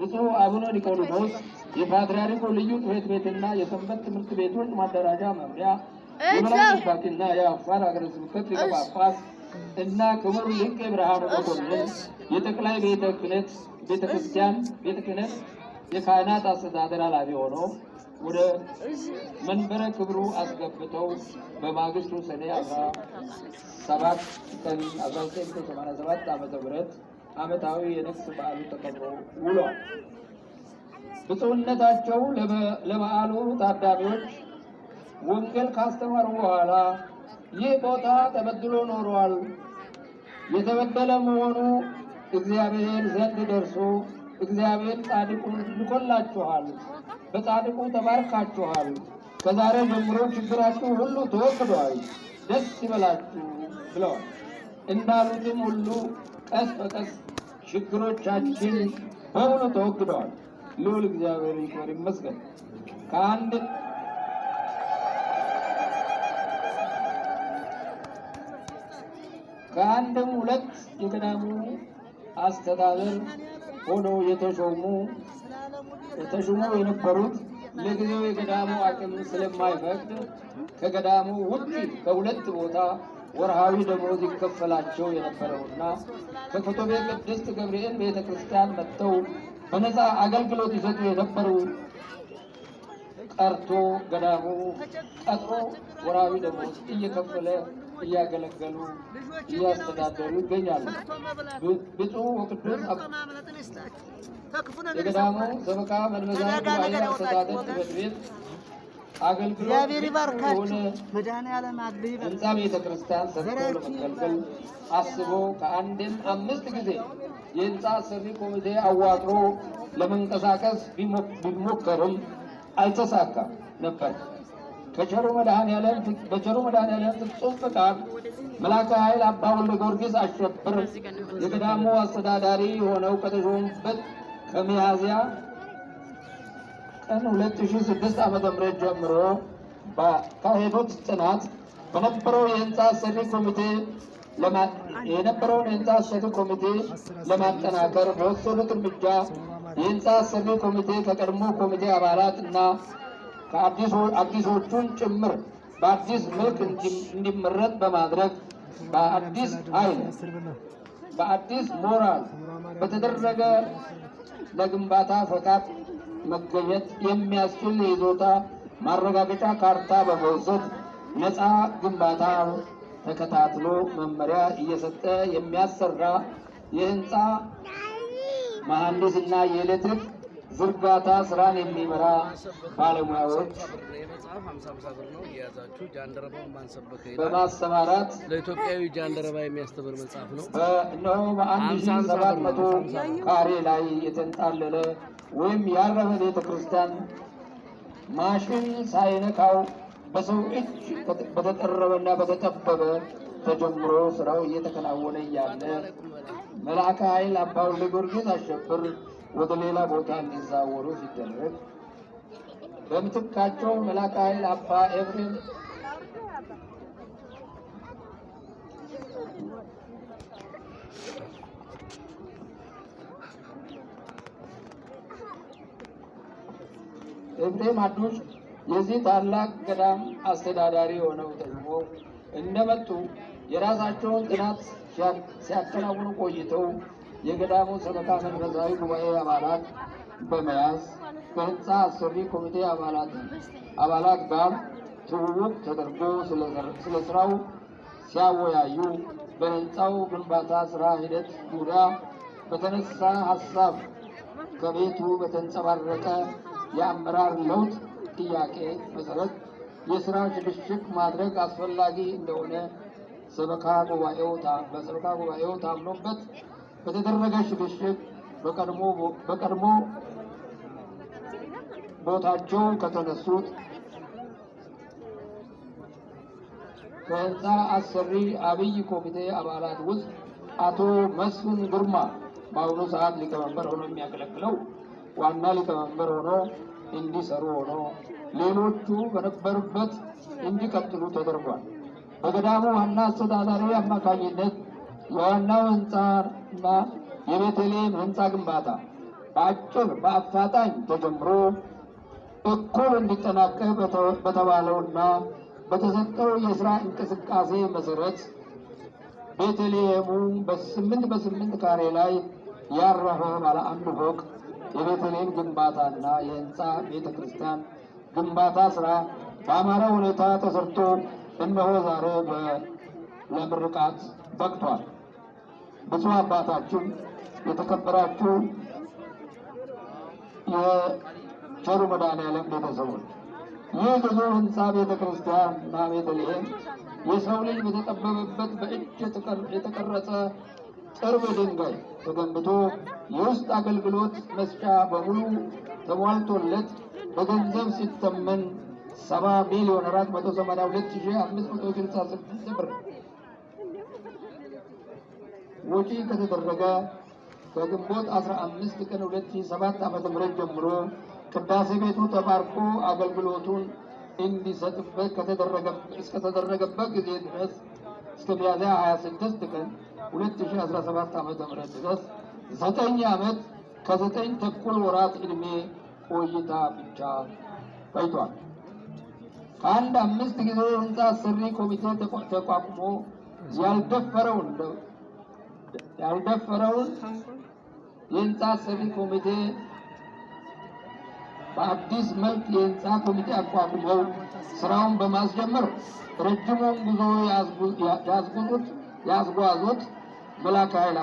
ብፁዕ አቡነ ኒቆዲሞስ የፓትርያርኩ ልዩ ጽሕፈት ቤትና የሰንበት ትምህርት ቤቶች ማደራጃ መምሪያ የመላሽባትና የአፋር ሀገረ ስብከት ሊቀ ጳጳስ እና ክቡር ሊቀ ብርሃኑ መኮንን የጠቅላይ ቤተ ክህነት ቤተ ክርስቲያን ቤተ ክህነት የካህናት አስተዳደር ኃላፊ ሆኖ ወደ መንበረ ክብሩ አስገብተው በማግስቱ ሰኔ ሰባት ቀን 1987 ዓ.ም ዓመታዊ የንግስ በዓሉ ተከብሮ ውሏል። ብፁዕነታቸው ለበዓሉ ታዳሚዎች ወንጌል ካስተማሩ በኋላ ይህ ቦታ ተበድሎ ኖሯል፣ የተበደለ መሆኑ እግዚአብሔር ዘንድ ደርሶ እግዚአብሔር ጻድቁን ልኮላችኋል፣ በጻድቁ ተባርካችኋል፣ ከዛሬ ጀምሮ ችግራችሁ ሁሉ ተወግዷል፣ ደስ ይበላችሁ ብለዋል። እንዳሉትም ሁሉ ቀስ በቀስ ችግሮቻችን በሙሉ ተወግደዋል። ልዑል እግዚአብሔር ይክበር ይመስገን። ከአንድ ከአንድም ሁለት የቀዳሙ አስተዳደር ሆነው የተሾሙ ተሹመው የነበሩት ለጊዜው የገዳሙ አቅም ስለማይፈቅድ ከገዳሙ ውጭ ከሁለት ቦታ ወርሃዊ ደሞዝ ይከፈላቸው የነበረውና በኮተቤ ቅድስት ገብርኤል ቤተ ክርስቲያን መጥተው በነፃ አገልግሎት ይሰጡ የነበሩ ቀርቶ ገዳሙ ቀጥሮ ወርሃዊ ደሞዝ እየከፈለ እያገለገሉ እያስተዳደሩ ይገኛሉ። ብፁዕ ወቅዱስ የገዳሙ ሰበካ መንበዛዊ ጉባኤ አስተዳደር ጽሕፈት ቤት እግዚአብሔር ይባርካችሁ። መድኃኔዓለም ህንፃ ቤተ ክርስቲያን ሰርቶ ለመገልገል አስቦ ከአንድም አምስት ጊዜ የህንፃ ሰሪ ኮሚቴ አዋቅሮ ለመንቀሳቀስ ቢሞከርም አልተሳካም ነበር። በቸሩ መድኃኔዓለም ፍጹም ፈቃድ መልአከ ኃይል አባ ወልደ ጊዮርጊስ አሸብር የገዳሙ አስተዳዳሪ ሆነው ከተሾሙበት ከሚያዝያ ቀን 2006 ዓ.ም ጀምሮ ባካሄዱት ጥናት በነበረው የህንፃ አሰሪ ኮሚቴ የነበረውን የህንፃ አሰሪ ኮሚቴ ለማጠናከር በወሰዱት እርምጃ የህንፃ ሰሪ ኮሚቴ ከቀድሞ ኮሚቴ አባላት እና ከአዲሶቹን ጭምር በአዲስ መልክ እንዲመረጥ በማድረግ በአዲስ ኃይል በአዲስ ሞራል በተደረገ ለግንባታ ፈቃድ መገኘት የሚያስችል የይዞታ ማረጋገጫ ካርታ በመውሰድ ነፃ ግንባታ ተከታትሎ መመሪያ እየሰጠ የሚያሰራ የህንፃ መሐንዲስ እና የኤሌክትሪክ ዝርጋታ ስራን የሚመራ ባለሙያዎች በማሰማራት ለኢትዮጵያዊ ጃንደረባ የሚያስተምር መጽሐፍ ነው። እነሆ በአንድ ሺህ ሰባት መቶ ካሬ ላይ የተንጣለለ ወይም ያረፈ ቤተ ክርስቲያን ማሽን ሳይነካው በሰው እጅ በተጠረበና በተጠበበ ተጀምሮ ስራው እየተከናወነ እያለ መልአከ ኃይል አባ ወልደ ጊዮርጊስ አሸብር ወደ ሌላ ቦታ እንዲዛወሩ ሲደረግ በምትካቸው መልአከ ኃይል አባ ኤፍሬም ኤፍሬም አዱሽ የዚህ ታላቅ ገዳም አስተዳዳሪ ሆነው ደግሞ እንደመጡ የራሳቸውን ጥናት ሲያከናውኑ ቆይተው የገዳሙ ሰበካ መንፈሳዊ ጉባኤ አባላት በመያዝ ከህንፃ አሰሪ ኮሚቴ አባላት ጋር ትውውቅ ተደርጎ ስለ ስራው ሲያወያዩ በህንፃው ግንባታ ስራ ሂደት ዙሪያ በተነሳ ሀሳብ ከቤቱ በተንጸባረቀ የአመራር ለውጥ ጥያቄ መሰረት የስራ ሽግሽግ ማድረግ አስፈላጊ እንደሆነ ሰበካ ጉባኤው በሰበካ ጉባኤው ታምኖበት በተደረገ ሽግሽግ በቀድሞ ቦታቸው ከተነሱት ከህንፃ አሰሪ አብይ ኮሚቴ አባላት ውስጥ አቶ መስፍን ግርማ በአሁኑ ሰዓት ሊቀመንበር ሆኖ የሚያገለግለው ዋና ሊቀመንበር ሆኖ እንዲሰሩ ሆነው ሌሎቹ በነበሩበት እንዲቀጥሉ ተደርጓል። በገዳሙ ዋና አስተዳዳሪ አማካኝነት የዋናው ህንፃና የቤተልሔም ህንፃ ግንባታ በአጭር በአፋጣኝ ተጀምሮ እኩል እንዲጠናቀቅ በተባለውና በተሰጠው የስራ እንቅስቃሴ መሰረት ቤተልሔሙ በስምንት በስምንት ካሬ ላይ ያረፈ ባለ አንድ ፎቅ የቤተልሔም ግንባታና የህንፃ ቤተ ክርስቲያን ግንባታ ስራ በአማረ ሁኔታ ተሰርቶ እነሆ ዛሬ ለምርቃት በቅቷል። ብፁዕ አባታችን የተከበራችሁ የቸሩ መድኃኔዓለም ቤተሰቦች ይህ ግዙፍ ህንፃ ቤተ ክርስቲያንና ቤተልሔም የሰው ልጅ በተጠበበበት በእጅ የተቀረጸ ጥርብ ድንጋይ ተገንብቶ የውስጥ አገልግሎት መስጫ በሙሉ ተሟልቶለት በገንዘብ ሲተመን 70 ሚሊዮን 482 ብር ወጪ ከተደረገ በግንቦት 15 ቀን 2007 ዓ.ም ጀምሮ ቅዳሴ ቤቱ ተባርኮ አገልግሎቱን እንዲሰጥበት እስከተደረገበት ጊዜ ድረስ እስከ ሚያዝያ 26 ቀን 2017 ዓ.ም ድረስ ዘጠኝ ዓመት ከዘጠኝ ተኩል ወራት ዕድሜ ቆይታ ብቻ ቆይቷል። ከአንድ አምስት ጊዜ ህንፃ ስሪ ኮሚቴ ተቋቁሞ ያልደፈረውን ያልደፈረውን የህንፃ ስሪ ኮሚቴ በአዲስ መልክ የህንፃ ኮሚቴ አቋቁመው ስራውን በማስጀመር ረጅሙን ጉዞ ያዝጉዙት ያስጓዙት ብላክ ኃይል